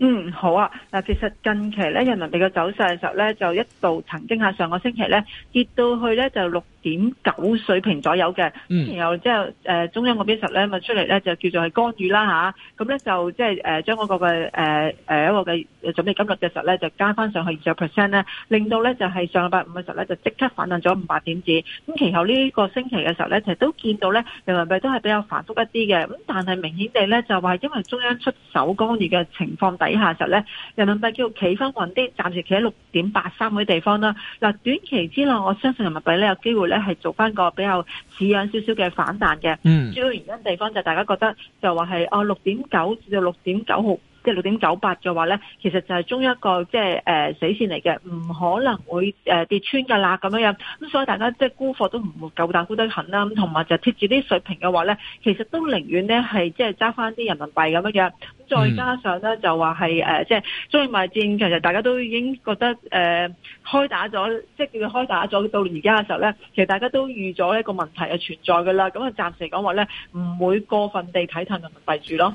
嗯，好啊。嗱，其實近期咧，人民幣嘅走勢嘅時候咧，就一度曾經喺上個星期咧跌到去咧就六點九水平左右嘅。嗯、然後之後誒中央嗰邊實咧咪出嚟咧就叫做係干預啦嚇。咁、啊、咧就即係誒將嗰個嘅誒誒一個嘅準備金率嘅時候咧就加翻上去二十 percent 咧，令到咧就係、是、上個禮拜五嘅時候咧就即刻反彈咗五百點子。咁其後呢個星期嘅時候咧，其實都見到咧人民幣都係比較繁複一啲嘅。咁但係明顯地咧就話因為中央出手干預嘅情況底下就時咧，人民幣叫企翻穩啲，暫時企喺六點八三嗰啲地方啦。嗱，短期之內我相信人民幣咧有機會咧係做翻個比較似樣少少嘅反彈嘅。嗯，主要原因地方就大家覺得就話係哦六點九至到六點九毫。即係六點九八嘅話咧，其實就係中一個即係誒死線嚟嘅，唔可能會誒、呃、跌穿嘅啦咁樣樣。咁所以大家即係沽貨都唔會夠膽沽得狠啦。咁同埋就貼住啲水平嘅話咧，其實都寧願咧係即係揸翻啲人民幣咁樣樣。咁再加上咧就話係誒即係中美貿戰，其實大家都已經覺得誒、呃、開打咗，即係叫佢開打咗到而家嘅時候咧，其實大家都預咗一個問題嘅存在嘅啦。咁啊暫時講話咧，唔會過分地睇淡人民幣住咯。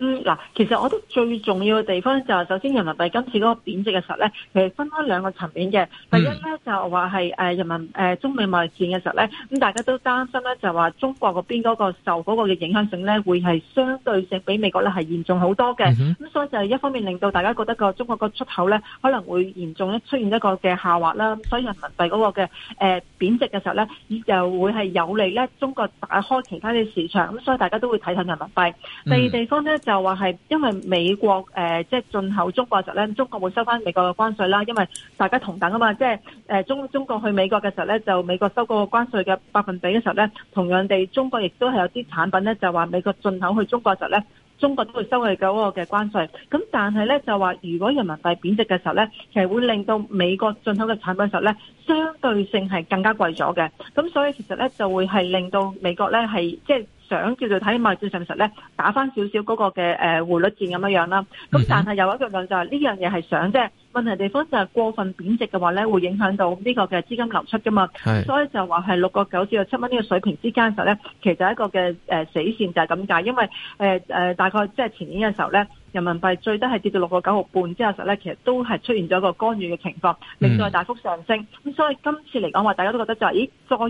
嗯嗱，其實我覺得最重要嘅地方就係首先人民幣今次嗰個貶值嘅時候咧，其實分開兩個層面嘅。嗯、第一咧就話係誒人民誒、呃、中美貿易戰嘅時候咧，咁、嗯、大家都擔心咧就話中國嗰邊嗰個受嗰個嘅影響性咧會係相對性比美國咧係嚴重好多嘅。咁、嗯嗯、所以就係一方面令到大家覺得個中國個出口咧可能會嚴重咧出現一個嘅下滑啦。所以人民幣嗰個嘅貶、呃、值嘅時候咧，就會係有利咧中國打開其他嘅市場。咁所以大家都會睇睇人民幣。嗯、第二地方咧。就話係因為美國呃即係進口中國時候咧，中國會收翻美國嘅關稅啦。因為大家同等啊嘛，即係中中國去美國嘅時候咧，就美國收嗰個關稅嘅百分比嘅時候咧，同樣地，中國亦都係有啲產品咧，就話美國進口去中國時候咧，中國都會收佢嗰個嘅關稅。咁但係咧就話，如果人民幣貶值嘅時候咧，其實會令到美國進口嘅產品時候咧相對性係更加貴咗嘅。咁所以其實咧就會係令到美國咧係即係。想叫做睇貿易戰，其實咧，打翻少少嗰個嘅誒匯率戰咁樣樣啦。咁但係有一句話就係呢樣嘢係想即係。問題地方就係過分貶值嘅話咧，會影響到呢個嘅資金流出噶嘛。是所以就話係六個九至到七蚊呢個水平之間嘅時候咧，其實一個嘅誒、呃、死線就係咁解，因為誒誒、呃呃、大概即係前年嘅時候咧，人民幣最低係跌到六個九毫半之後嘅時候咧，其實都係出現咗一個干預嘅情況，令到大幅上升。咁、嗯、所以今次嚟講話，大家都覺得就係、是、咦，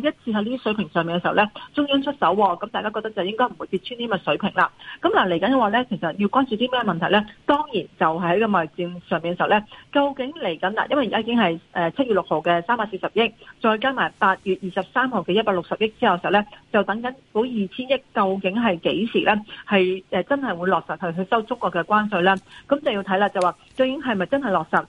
再一次喺呢啲水平上面嘅時候咧，中央出手喎，咁大家覺得就應該唔會跌穿呢個水平啦。咁嗱嚟緊嘅話咧，其實要關注啲咩問題咧？當然就係喺個貿易戰上面嘅時候咧。究竟嚟緊啦？因為而家已經係誒七月六號嘅三百四十億，再加埋八月二十三號嘅一百六十億之後嘅時候咧，就等緊嗰二千億，究竟係幾時咧？係誒真係會落實去去收足額嘅關稅啦。咁就要睇啦，就話究竟係咪真係落實？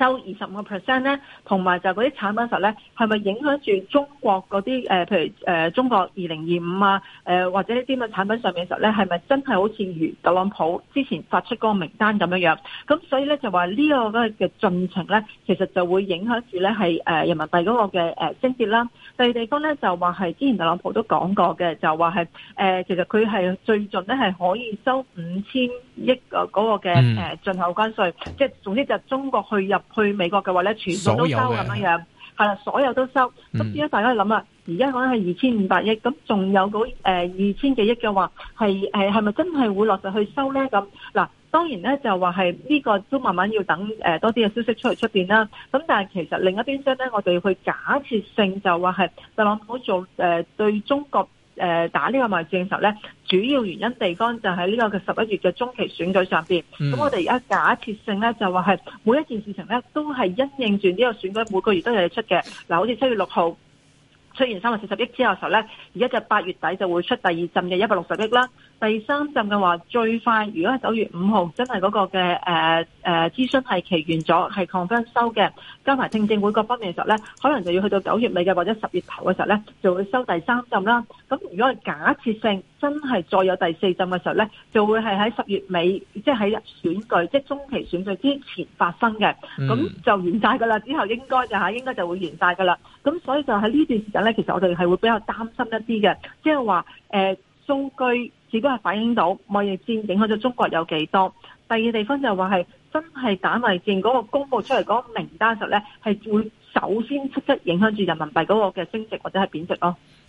收二十五個 percent 咧，同埋就嗰啲產品時候咧，係咪影響住中國嗰啲誒，譬如誒、呃、中國二零二五啊，誒、呃、或者呢啲乜產品上面時候咧，係咪真係好似如特朗普之前發出嗰個名單咁樣樣？咁所以咧就話呢個嘅進程咧，其實就會影響住咧係誒人民幣嗰個嘅誒升跌啦。第二地方咧就話係之前特朗普都講過嘅，就話係誒其實佢係最盡咧係可以收五千億個嗰個嘅誒進口關稅，嗯、即係總之就中國去入。去美國嘅話咧，全部都收咁樣樣，係啦，所有都收。咁而家大家諗啊，而家可能係二千五百億，咁仲有嗰二千幾億嘅話，係係咪真係會落實去收咧？咁嗱，當然咧就話係呢個都慢慢要等多啲嘅消息出嚟出面啦。咁但係其實另一邊廂咧，我哋去假設性就話係特朗普做對中國打呢個貿易戰嘅時候咧。主要原因地方就喺呢個嘅十一月嘅中期選舉上面。咁我哋而家假設性呢，就話係每一件事情呢，都係因應住呢個選舉，每個月都有出嘅。嗱，好似七月六號出現三百四十億之後時候呢，而家就八月底就會出第二陣嘅一百六十億啦。第三浸嘅話最快，如果係九月五號真係嗰個嘅誒誒諮詢係期完咗，係 confirm 收嘅，加埋聽證會各方面嘅時候咧，可能就要去到九月尾嘅或者十月頭嘅時候咧，就會收第三浸啦。咁如果係假設性真係再有第四浸嘅時候咧，就會係喺十月尾，即係喺選舉，即係中期選舉之前發生嘅。咁、嗯、就完晒㗎啦，之後應該就應該就會完晒㗎啦。咁所以就喺呢段時間咧，其實我哋係會比較擔心一啲嘅，即係話數據只不過係反映到貿易戰影響咗中國有幾多，第二地方就話係真係打貿易戰嗰個公布出嚟嗰個名單時候咧，係會首先即刻影響住人民幣嗰個嘅升值或者係貶值咯。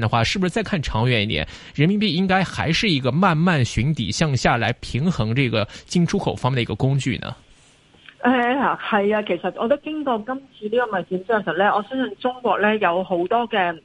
的話，是不是再看長遠一點，人民幣應該還是一個慢慢尋底向下來平衡這個進出口方面的一個工具呢？誒、呃，啊，係啊，其實我覺得經過今次呢個貿易戰，其實咧，我相信中國咧有好多嘅。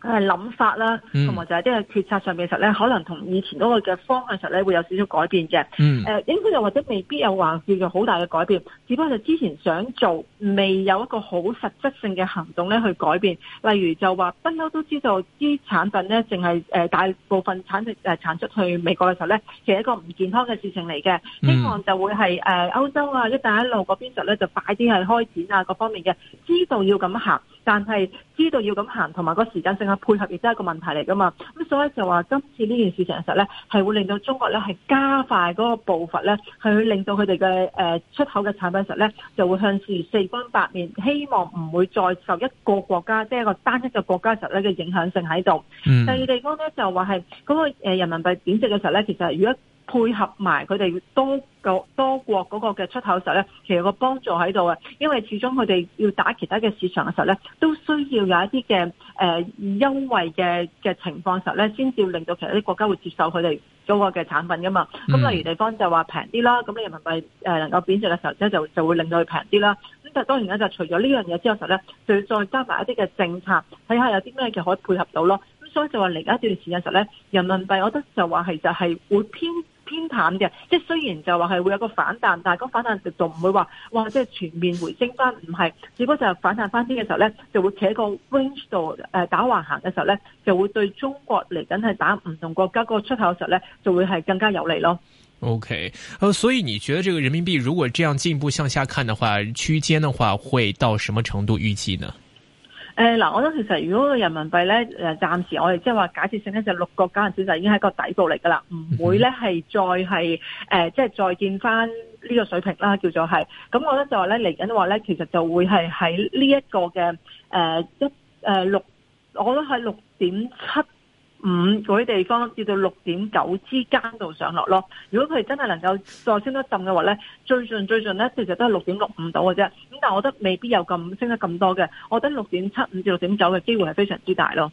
係諗法啦，同埋、嗯、就係啲嘅決策上面嘅時候咧，可能同以前嗰個嘅方向實咧會有少少改變嘅。誒、嗯、應該又或者未必有話叫做好大嘅改變，只不過就之前想做，未有一個好實質性嘅行動咧去改變。例如就話不嬲都知道啲產品咧，淨係誒大部分產品誒產出去美國嘅時候咧，其實一個唔健康嘅事情嚟嘅。嗯、希望就會係誒歐洲啊、一帶一路嗰邊實咧就快啲係開展啊各方面嘅，知道要咁行。但係知道要咁行，同埋個時間性嘅配合亦都係一個問題嚟噶嘛。咁所以就話今次呢件事情嘅時候咧，係會令到中國咧係加快嗰個步伐咧，係去令到佢哋嘅出口嘅產品嘅時候咧，就會向住四方八面，希望唔會再受一個國家，即係一個單一嘅國家時候咧嘅影響性喺度。嗯、第二地方咧就話係嗰個人民幣貶值嘅時候咧，其實如果配合埋佢哋多國多國嗰個嘅出口時候咧，其實個幫助喺度嘅，因為始終佢哋要打其他嘅市場嘅時候咧，都需要有一啲嘅誒優惠嘅嘅情況時候咧，先至令到其他啲國家會接受佢哋嗰個嘅產品噶嘛。咁、嗯、例如地方就話平啲啦，咁咧人民幣誒能夠貶值嘅時候咧，就就會令到佢平啲啦。咁但係當然咧，就除咗呢樣嘢之外時候咧，就要再加埋一啲嘅政策，睇下有啲咩嘅可以配合到咯。咁所以就話，嚟緊一段時間時候咧，人民幣，我覺得就話係就係會偏偏淡嘅，即係雖然就話係會有個反彈，但係個反彈力度唔會話，哇！即係全面回升翻？唔係，只不過就反彈翻啲嘅時候咧，就會企喺個 range 度誒、呃、打橫行嘅時候咧，就會對中國嚟緊係打唔同國家個出口嘅時候咧，就會係更加有利咯。OK，呃，所以你覺得這個人民幣如果這樣進一步向下看的話，區間的話會到什麼程度預計呢？誒、嗱、我覺得其實如果個人民幣呢，暫時我哋即係話假設性咧，就六個交易小時就已經係一個底部嚟㗎喇，唔會呢係再係、呃、即係再見返呢個水平啦，叫做係。咁我覺得就話咧嚟緊嘅話呢，其實就會係喺呢一個嘅誒一六，呃、6，我覺得係六點七五嗰啲地方跌到六點九之間度上落咯，如果佢真係能夠再升得浸嘅話呢，最盡最盡呢，其實都係六點六五度嘅啫，咁但係我覺得未必有咁升得咁多嘅，我覺得六點七五至六點九嘅機會係非常之大咯。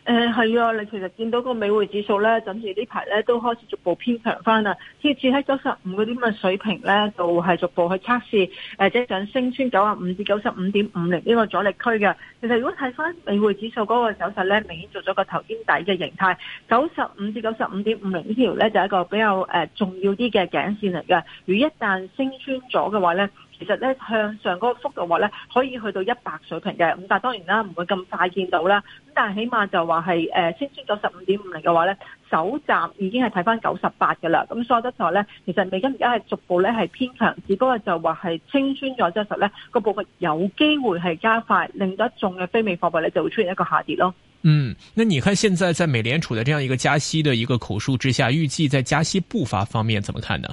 誒，係啊、嗯！你其實見到個美匯指數咧，暫時呢排咧都開始逐步偏強翻啦，貼住喺九十五嗰啲咁嘅水平咧，就係逐步去測試誒，即係想升穿九十五至九十五點五零呢個阻力區嘅。其實如果睇翻美匯指數嗰個走勢咧，明顯做咗個頭肩底嘅形態，九十五至九十五點五零呢條咧就係一個比較誒重要啲嘅頸線嚟嘅。如一旦升穿咗嘅話咧，其實咧向上嗰個幅度話咧可以去到一百水平嘅，咁但係當然啦，唔會咁快見到啦。咁但係起碼就話係誒，升穿咗九十五點五零嘅話咧，首站已經係睇翻九十八噶啦。咁所以話咧，其實美金而家係逐步咧係偏強，只不過就話係升穿咗之後咧，個部分有機會係加快，令到一眾嘅非美貨幣咧就會出現一個下跌咯。嗯，那你看現在在美聯儲的這樣一個加息的一個口述之下，預計在加息步伐方面怎麼看呢？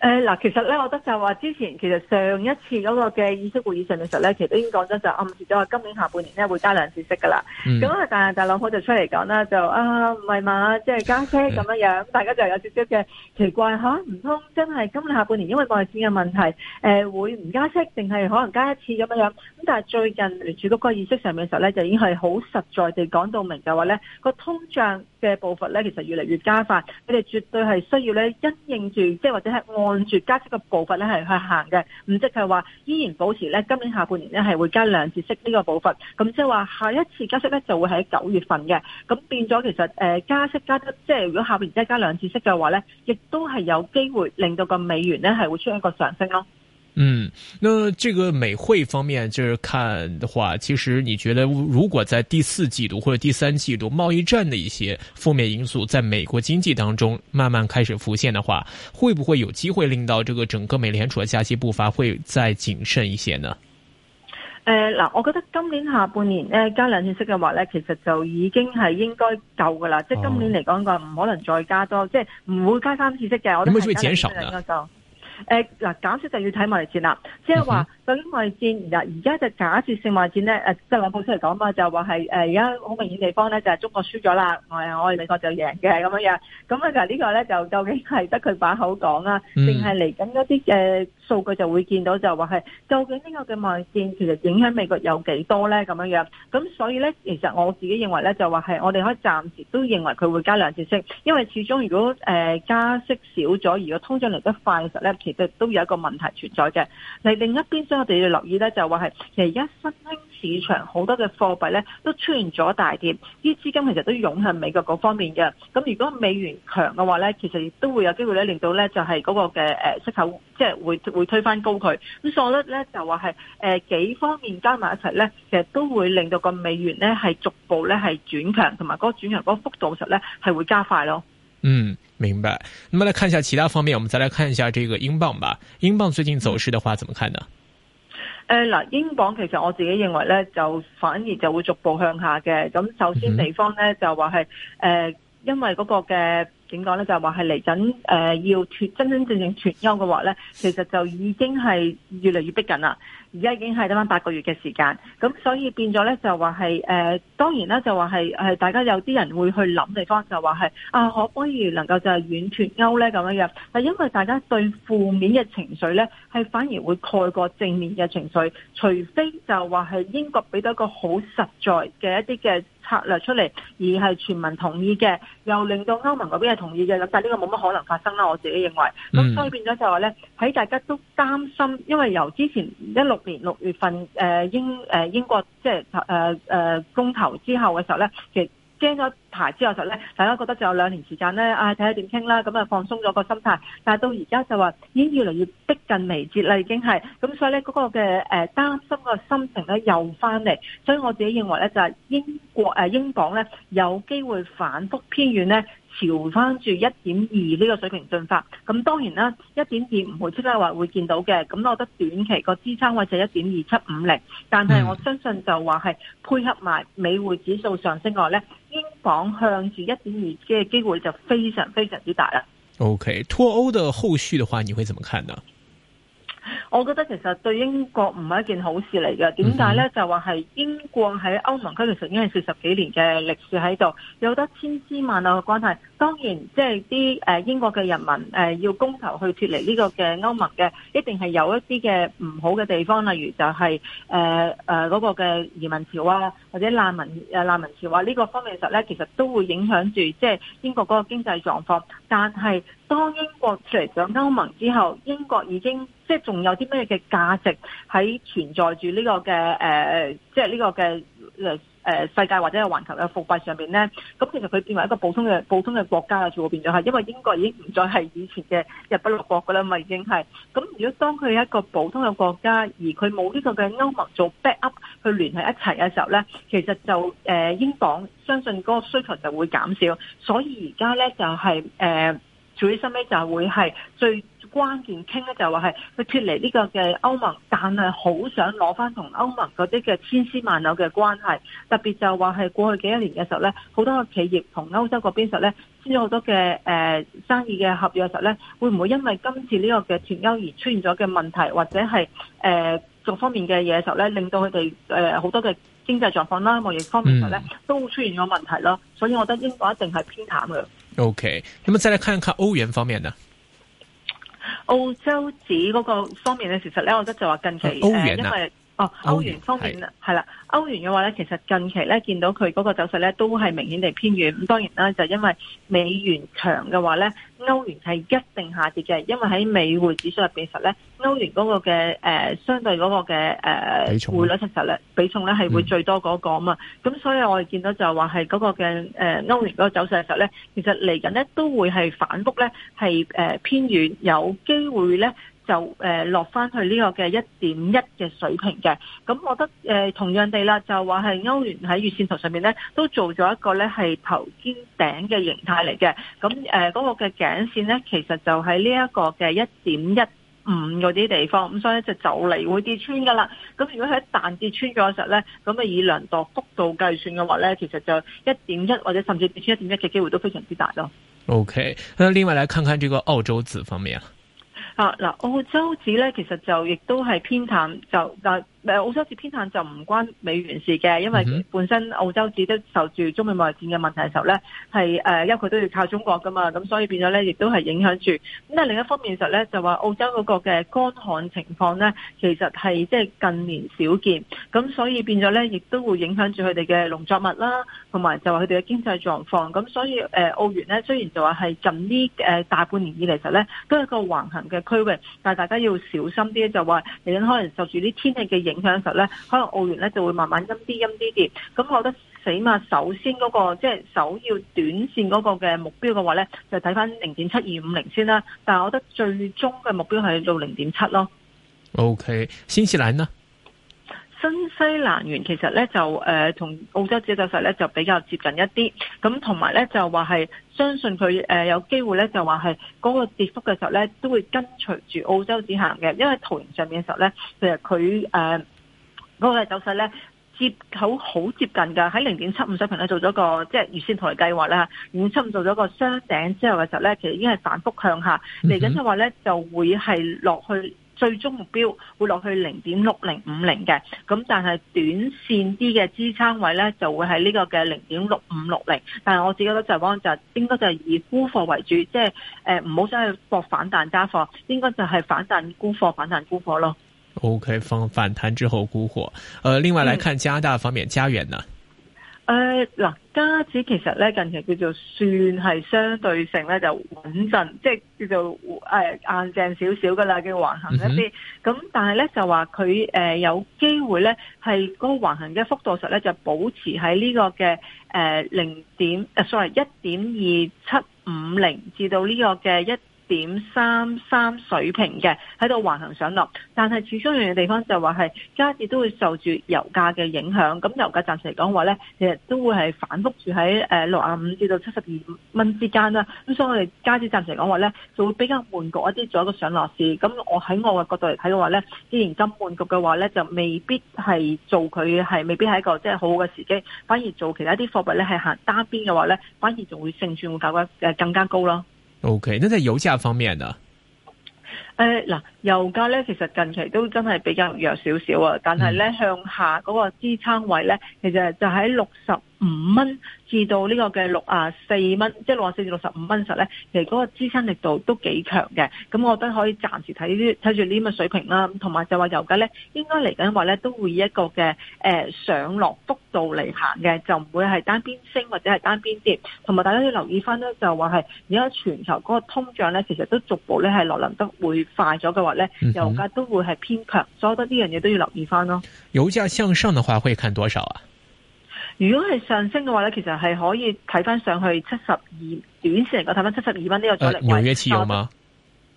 嗱，其實咧，我覺得就話之前其實上一次嗰個嘅議息會議上面嘅時候咧，其實已經講咗，就暗示咗話今年下半年咧會加兩次息噶啦。咁、嗯、但係特朗普就出嚟講啦，就啊唔係嘛，即係、就是、加息咁樣樣，嗯、大家就有少少嘅奇怪嚇，唔通真係今年下半年因為外展嘅問題，誒、呃、會唔加息，定係可能加一次咁樣樣？咁但係最近聯儲局嗰個議息上面嘅時候咧，就已經係好實在地講到明就話咧，個通脹嘅步伐咧其實越嚟越加快，佢哋絕對係需要咧因應住，即或者按住加息嘅步伐咧，係去行嘅。咁即係話依然保持咧，今年下半年咧係會加兩次息呢個步伐，咁即係話下一次加息咧就會喺九月份嘅。咁變咗其實誒加息加即係如果下半年一加兩次息嘅話咧，亦都係有機會令到個美元咧係會出一個上升咯。嗯，那這個美匯方面就是看的話，其實你覺得如果在第四季度或者第三季度，貿易戰的一些負面因素在美國經濟當中慢慢開始浮現的話，會不會有機會令到這個整個美聯儲的加息步伐會再謹慎一些呢？呃嗱，我覺得今年下半年呢、呃，加兩次息嘅話呢，其實就已經係應該夠㗎喇。哦、即係今年嚟講，個唔可能再加多，即係唔會加三次息嘅。我有冇機會減少啊？誒嗱，減少、哎、就要睇埋字啦，即係話。嗯對於外戰，而而家就假設性外戰咧，誒，即係特朗普出嚟講嘛，就話係誒而家好明顯地方咧，就係中國輸咗啦，外啊，我哋美國就贏嘅咁樣樣。咁啊，就呢個咧，就究竟係得佢把口講啊，定係嚟緊嗰啲誒數據就會見到，就話係究竟呢個嘅外戰其實影響美國有幾多咧？咁樣樣。咁所以咧，其實我自己認為咧，就話係我哋可以暫時都認為佢會加兩次息，因為始終如果誒、呃、加息少咗，如果通脹嚟得快嘅時候咧，其實都有一個問題存在嘅。你另一邊我哋要留意咧，就話係其實而家新興市場好多嘅貨幣咧，都出現咗大跌，啲資金其實都湧向美國嗰方面嘅。咁如果美元強嘅話咧，其實亦都會有機會咧，令到咧就係嗰個嘅誒息口即係會會推返高佢。咁所以我覺得咧，就話係誒幾方面加埋一齊咧，其實都會令到個美元咧係逐步咧係轉強，同埋嗰個轉強嗰個幅度其實咧係會加快咯。嗯，明白。咁啊，來看一下其他方面，我們再嚟看一下這個英鎊吧。英鎊最近走勢的話，怎麼看呢？誒嗱，英鎊其實我自己認為咧，就反而就會逐步向下嘅。咁首先地方咧就話係誒，因為嗰個嘅。點講呢就係話係嚟緊誒，要脱真真正正脱歐嘅話呢，其實就已經係越嚟越逼緊啦。而家已經係得翻八個月嘅時間，咁所以變咗呢就話係誒，當然啦，就話係係大家有啲人會去諗地方就，就話係啊，可唔可以能夠就係軟脱歐呢？咁樣嘅？但因為大家對負面嘅情緒呢，係反而會蓋過正面嘅情緒，除非就話係英國俾到一個好實在嘅一啲嘅策略出嚟，而係全民同意嘅，又令到歐盟嗰邊。同意嘅，咁但係呢個冇乜可能發生啦，我自己認為。咁、嗯、所以變咗就話、是、咧，喺大家都擔心，因為由之前一六年六月份，誒英誒英國即係誒誒公投之後嘅時候咧，其實驚咗排之後嘅時候咧，大家覺得仲有兩年時間咧，啊睇下點傾啦，咁啊放鬆咗個心態。但係到而家就話已經越嚟越逼近眉睫啦，已經係。咁所以咧，嗰個嘅誒擔心個心情咧又翻嚟。所以我自己認為咧，就係英國誒英鎊咧，有機會反覆偏軟咧。調翻住一點二呢個水平進發，咁當然啦，一點二唔會即刻話會見到嘅，咁我覺得短期個支撐位就一點二七五零，但係我相信就話係配合埋美匯指數上升落咧，英鎊向住一點二嘅機會就非常非常之大啦。OK，脱歐的後續嘅話，你會怎麼看呢？我覺得其實對英國唔係一件好事嚟嘅，點解呢？Mm hmm. 就話係英國喺歐盟區其實已經係四十幾年嘅歷史喺度，有得千絲萬縷嘅關係。當然，即係啲誒英國嘅人民誒要公投去脫離呢個嘅歐盟嘅，一定係有一啲嘅唔好嘅地方，例如就係誒誒嗰個嘅移民潮啊，或者難民誒難民潮啊呢個方面，其實咧其實都會影響住即係英國嗰個經濟狀況，但係，當英國脱離咗歐盟之後，英國已經即係仲有啲咩嘅價值喺存在住呢個嘅、呃、即係呢個嘅、呃、世界或者係環球嘅腐敗上面咧？咁其實佢變為一個普通嘅普通嘅國家就變咗，因為英國已經唔再係以前嘅日不落國噶啦，咪已經係。咁如果當佢係一個普通嘅國家，而佢冇呢個嘅歐盟做 back up 去聯繫一齊嘅時候咧，其實就、呃、英鎊相信嗰個需求就會減少，所以而家咧就係、是呃最深尾，就係會係最關鍵傾咧，就話係佢脱離呢個嘅歐盟，但係好想攞翻同歐盟嗰啲嘅千絲萬縷嘅關係。特別就話係過去幾多年嘅時候咧，好多企業同歐洲嗰邊實咧先有好多嘅誒、呃、生意嘅合約嘅時候咧，會唔會因為今次呢個嘅脱歐而出現咗嘅問題，或者係誒、呃、各方面嘅嘢嘅時候咧，令到佢哋誒好多嘅經濟狀況啦，貿易方面實咧都出現咗問題啦。嗯、所以我覺得英國一定係偏淡嘅。O K，咁啊，okay. 再嚟看一睇歐元方面呢？澳洲指嗰個方面咧，其實咧，我覺得就話近期歐元、啊呃、因為。哦，歐元方面啦，係啦，歐元嘅話咧，其實近期咧見到佢嗰個走勢咧，都係明顯地偏軟。咁當然啦，就因為美元強嘅話咧，歐元係一定下跌嘅，因為喺美匯指數入邊實咧，歐元嗰個嘅、呃、相對嗰個嘅誒匯率其實咧比重咧、啊、係會最多嗰、嗰個啊嘛。咁、嗯、所以我哋見到就話係嗰個嘅誒、呃、歐元嗰個走勢嘅時候咧，其實嚟緊咧都會係反覆咧係、呃、偏軟，有機會咧。就誒、呃、落翻去呢個嘅一點一嘅水平嘅，咁我覺得誒、呃、同樣地啦，就話係歐元喺月線圖上面咧，都做咗一個咧係頭肩頂嘅形態嚟嘅。咁誒嗰個嘅頸線咧，其實就喺呢一個嘅一點一五嗰啲地方，咁所以就走嚟會跌穿噶啦。咁如果佢一旦跌穿咗嘅時候咧，咁啊以量度幅度計算嘅話咧，其實就一點一或者甚至跌穿一點一嘅機會都非常之大咯。OK，那另外嚟看看這個澳洲紙方面啊。啊！嗱，澳洲紙咧，其實就亦都係偏淡，就澳洲市偏淡就唔關美元事嘅，因為本身澳洲只得受住中美貿易戰嘅問題嘅時候咧，係誒因為佢都要靠中國噶嘛，咁所以變咗咧，亦都係影響住。咁但另一方面實咧，就話澳洲嗰個嘅乾旱情況咧，其實係即係近年少見，咁所以變咗咧，亦都會影響住佢哋嘅農作物啦，同埋就話佢哋嘅經濟狀況。咁所以誒、呃、澳元咧，雖然就話係近呢誒大半年以嚟實咧，都係一個橫行嘅區域，但係大家要小心啲，就話你可能受住啲天氣嘅影響。嗰陣時咧，可能澳元咧就會慢慢陰啲陰啲跌。咁我覺得，起碼首先嗰、嗰個即係首要短線嗰個嘅目標嘅話咧，就睇返零點七二五零先啦。但係我覺得最終嘅目標係到零點七咯。OK，新西蘭呢？新西蘭元其實咧就誒同、呃、澳洲指幣嘅時候咧就比較接近一啲。咁同埋咧就話係相信佢誒有機會咧就話係嗰個跌幅嘅時候咧都會跟隨住澳洲指行嘅，因為圖形上面嘅時候咧其實佢誒。呃嗰個嘅走勢咧，接口好接近㗎，喺零點七五水平咧做咗個即係預先同你計劃啦，零點七五做咗個雙頂之後嘅時候咧，其實已經係反覆向下嚟緊，即係話咧就會係落去最終目標會，會落去零點六零五零嘅。咁但係短線啲嘅支撐位咧就會係呢個嘅零點六五六零。但係我自己覺得就講就係，應該就係以沽貨為主，即係誒唔好想去搏反彈加貨，應該就係反彈沽貨，反彈沽貨咯。O K，放反彈之後沽貨。呃，另外來看加拿大方面，嗯、加元呢？誒，嗱，加指其實咧近期叫做算係相對性咧就穩陣，即係叫做誒硬淨少少噶啦，叫橫行一啲。咁、嗯、哼但係咧就話佢誒有機會咧係嗰個橫行嘅幅度實咧就保持喺呢個嘅誒零點誒、啊、sorry，一點二七五零至到呢個嘅一。點三三水平嘅喺度橫行上落，但係始終有嘅地方就話係加值都會受住油價嘅影響。咁油價暫時嚟講話咧，其實都會係反覆住喺誒六十五至到七十二蚊之間啦。咁所以我哋加值暫時嚟講話咧，就會比較悶局一啲，做一個上落市。咁我喺我嘅角度嚟睇嘅話咧，之前金悶局嘅話咧，就未必係做佢係未必係一個即係好好嘅時機，反而做其他啲貨幣咧係行單邊嘅話咧，反而仲會勝算會較加更加高咯。O、okay, K，咁在油價方面呢？誒，嗱，油價咧其實近期都真係比較弱少少啊，但係咧向下嗰個支撐位咧，其實就喺六十五蚊至到呢個嘅六啊四蚊，即係六啊四至六十五蚊實咧，其實嗰個支撐力度都幾強嘅。咁我覺得可以暫時睇啲睇住呢個水平啦。同埋就話油價咧，應該嚟緊話咧都會以一個嘅誒上落幅度嚟行嘅，就唔會係單邊升或者係單邊跌。同埋大家要留意翻咧，就話係而家全球嗰個通脹咧，其實都逐步咧係落臨得會快咗嘅話咧，油價都會係偏強。所以我覺得呢樣嘢都要留意翻咯。油價向上嘅話會看多少啊？如果係上升嘅話咧，其實係可以睇返上去七十二，短線能夠睇翻七十二蚊呢個阻力位。啊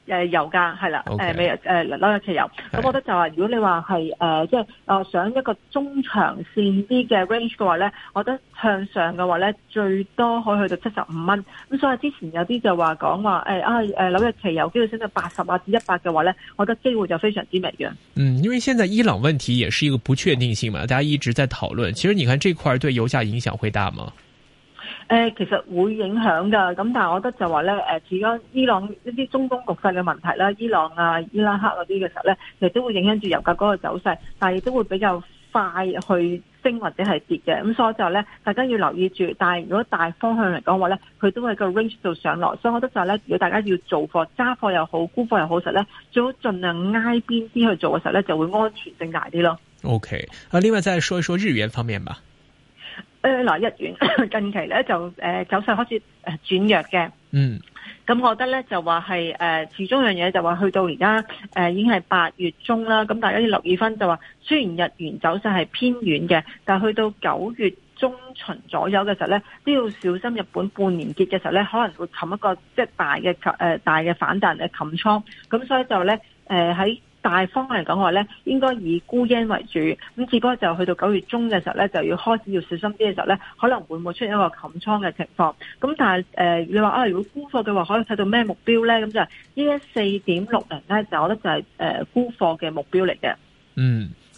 誒油價係啦，每日誒紐約期油，咁我覺得就係如果你話係誒即係誒想一個中長線啲嘅 range 嘅話咧，我覺得向上嘅話咧最多可以去到七十五蚊。咁所以之前有啲就說說、呃呃、話講話誒啊誒紐約期油機會升到八十啊至一百嘅話咧，我覺得機會就非常之微嘅。嗯，因為現在伊朗問題也是一個不確定性嘛，大家一直在討論。其實你看，這塊對油價影響會大嗎？誒其實會影響㗎，咁但係我覺得就話咧，誒似伊朗一啲中東局勢嘅問題啦，伊朗啊、伊拉克嗰啲嘅時候咧，其實都會影響住油價嗰個走勢，但係亦都會比較快去升或者係跌嘅。咁所以就呢，咧，大家要留意住。但係如果大方向嚟講的話咧，佢都係個 range 度上落，所以我覺得就呢，咧，如果大家要做貨揸貨又好沽貨又好實咧，最好盡量挨邊啲去做嘅時候咧，就會安全性大啲咯。OK，啊，另外再說一說日元方面吧。誒嗱、呃，日元近期咧就誒、呃、走勢開始轉弱嘅，嗯，咁我覺得咧就話係誒始終樣嘢就話去到而家誒已經係八月中啦，咁大家要留意翻就話，雖然日元走勢係偏軟嘅，但去到九月中旬左右嘅時候咧，都要小心日本半年結嘅時候咧，可能會冚一個即、係、大嘅、呃、大嘅反彈嘅冚倉，咁所以就咧誒喺。呃 大方嚟講話咧，應該以沽因為主，咁至多就去到九月中嘅時候咧，就要開始要小心啲嘅時候咧，可能會唔會出現一個冚倉嘅情況。咁但係誒、呃，你話啊，如果沽貨嘅話，可以睇到咩目標咧？咁就係呢一四點六零咧，就我覺得就係誒沽貨嘅目標嚟嘅。嗯。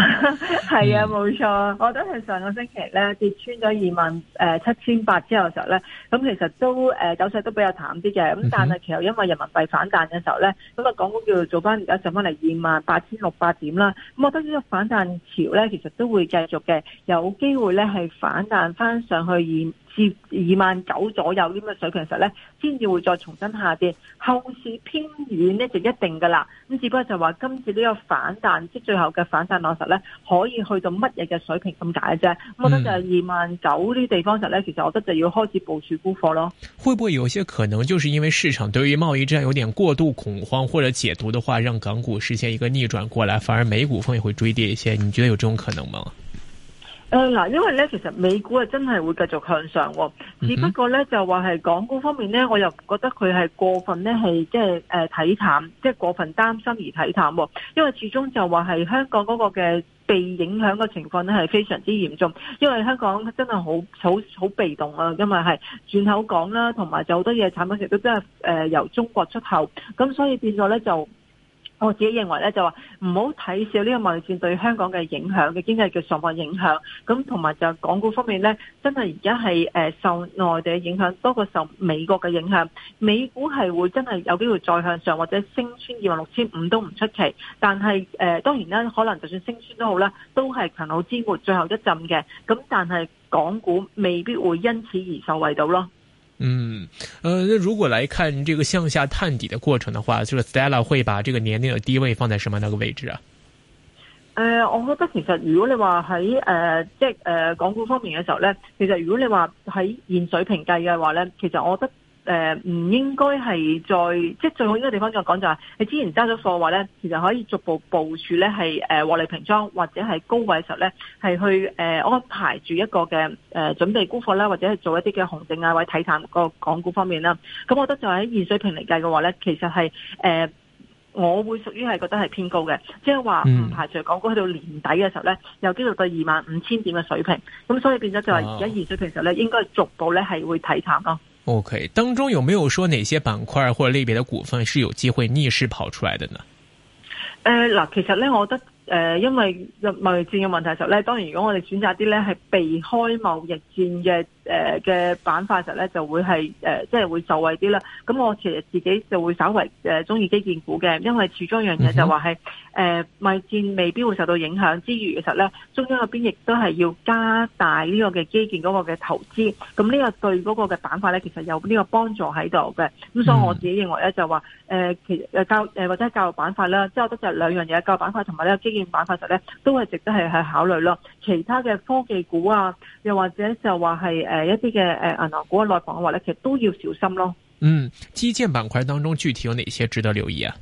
係 啊，冇錯，我覺得係上個星期呢跌穿咗二萬誒七千八之後嘅時候呢，咁其實都誒、呃、走勢都比較淡啲嘅，咁但係其實因為人民幣反彈嘅時候呢，咁啊港股叫做做翻而家上翻嚟二萬八千六百點啦，咁我覺得呢個反彈潮呢，其實都會繼續嘅，有機會呢係反彈翻上去二。二,二萬九左右呢個水平時候咧，先至會再重新下跌，後市偏軟呢就一定噶啦。咁只不過就話今次呢個反彈，即最後嘅反彈落實咧，可以去到乜嘢嘅水平咁解啫。咁我覺得就係二萬九呢地方實咧，其實我覺得就要開始部署沽貨咯。會唔會有些可能就是因為市場對於貿易戰有點過度恐慌或者解讀的話，讓港股實現一個逆轉過來，反而美股方面會追跌一些？你覺得有這種可能嗎？誒嗱，因為咧，其實美股啊，真係會繼續向上，只不過咧就話係港股方面咧，我又覺得佢係過分咧，係即係誒睇淡，即係過分擔心而睇淡，因為始終就話係香港嗰個嘅被影響嘅情況咧係非常之嚴重，因為香港真係好好好被動啊，因為係轉口港啦，同埋就好多嘢產品亦都真係誒由中國出口，咁所以變咗咧就。我自己認為咧，就話唔好睇小呢個貿易戰對香港嘅影響嘅經濟嘅狀況影響，咁同埋就港股方面咧，真係而家係受內地嘅影響多過受美國嘅影響，美股係會真係有機會再向上或者升穿二萬六千五都唔出奇，但係、呃、當然啦，可能就算升穿都好啦，都係強弩之末最後一陣嘅，咁但係港股未必會因此而受惠到咯。嗯，呃，那如果來看這個向下探底的過程的話，就是，Stella 會把這個年內的低位放在什麼那個位置啊？誒、呃，我覺得其實如果你話喺誒即係誒、呃、港股方面嘅時候咧，其實如果你話喺現水平計嘅話咧，其實我覺得。誒唔、呃、應該係再即係最好應該地方再講就係，你之前揸咗貨話咧，其實可以逐步部署咧係誒獲利平倉或者係高位嘅時候咧，係去誒安排住一個嘅誒準備沽貨啦，或者係做、呃、一啲嘅熊證啊，或者睇淡個港股方面啦。咁我覺得就喺現水平嚟計嘅話咧，其實係誒、呃，我會屬於係覺得係偏高嘅，即係話唔排除港股去到年底嘅時候咧，有機會到二萬五千點嘅水平。咁所以變咗就係而家現水平嘅時候咧，哦、應該逐步咧係會睇淡咯。OK，當中有沒有說哪些板塊或類別的股份是有機會逆勢跑出來的呢？呃，嗱，其實呢，我覺得。誒、呃，因為貿易戰嘅問題嘅時候咧，當然如果我哋選擇啲咧係避開貿易戰嘅誒嘅板塊嘅時候咧，就會係誒、呃、即係會受惠啲啦。咁我其實自己就會稍微誒中意基建股嘅，因為始終一樣嘢就話係誒貿易戰未必會受到影響之餘嘅時候咧，中央嗰邊亦都係要加大呢個嘅基建嗰個嘅投資。咁呢個對嗰個嘅板塊咧，其實有呢個幫助喺度嘅。咁所以我自己認為咧，就話誒、呃、其誒、呃、教誒、呃、或者教育板塊啦，即係我覺得就係兩樣嘢，教育板塊同埋呢個基建。板塊上咧都係值得係去考慮咯，其他嘅科技股啊，又或者就話係誒一啲嘅誒銀行股嘅內房嘅話咧，其實都要小心咯。嗯，基建板塊當中具體有哪些值得留意啊？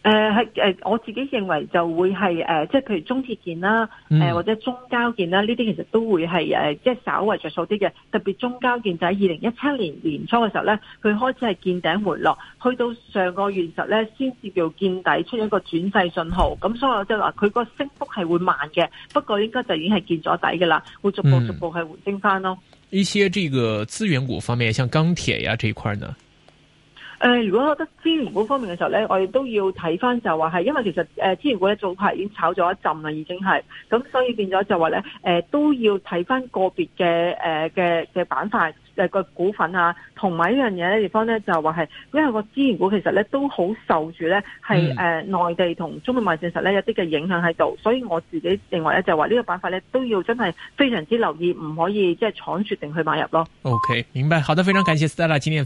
誒，係誒、呃呃，我自己認為就會係誒，即、呃、係譬如中鐵建啦，誒、呃、或者中交建啦，呢啲其實都會係誒、呃，即係稍為着數啲嘅。特別中交建就喺二零一七年年初嘅時候咧，佢開始係見頂回落，去到上個月時候咧先至叫見底出一個轉勢信號。咁所以即係話，佢個升幅係會慢嘅，不過應該就已經係見咗底噶啦，會逐步逐步係回升翻咯、嗯。一些這個資源股方面，像鋼鐵呀，這一塊呢？誒、呃，如果覺得資源股方面嘅時候咧，我哋都要睇翻就話係，因為其實誒資源股咧早排已經炒咗一陣啦，已經係，咁所以變咗就話咧，誒、呃、都要睇翻個別嘅誒嘅嘅板塊誒個股份啊，同埋一樣嘢咧，地方咧就話係，因為個資源股其實咧都好受住咧，係誒內地同中美貿易戰實咧一啲嘅影響喺度，所以我自己認為咧就話呢個板塊咧都要真係非常之留意，唔可以即係倉決定去買入咯。OK，明白，好的，非常感謝 Stella 今天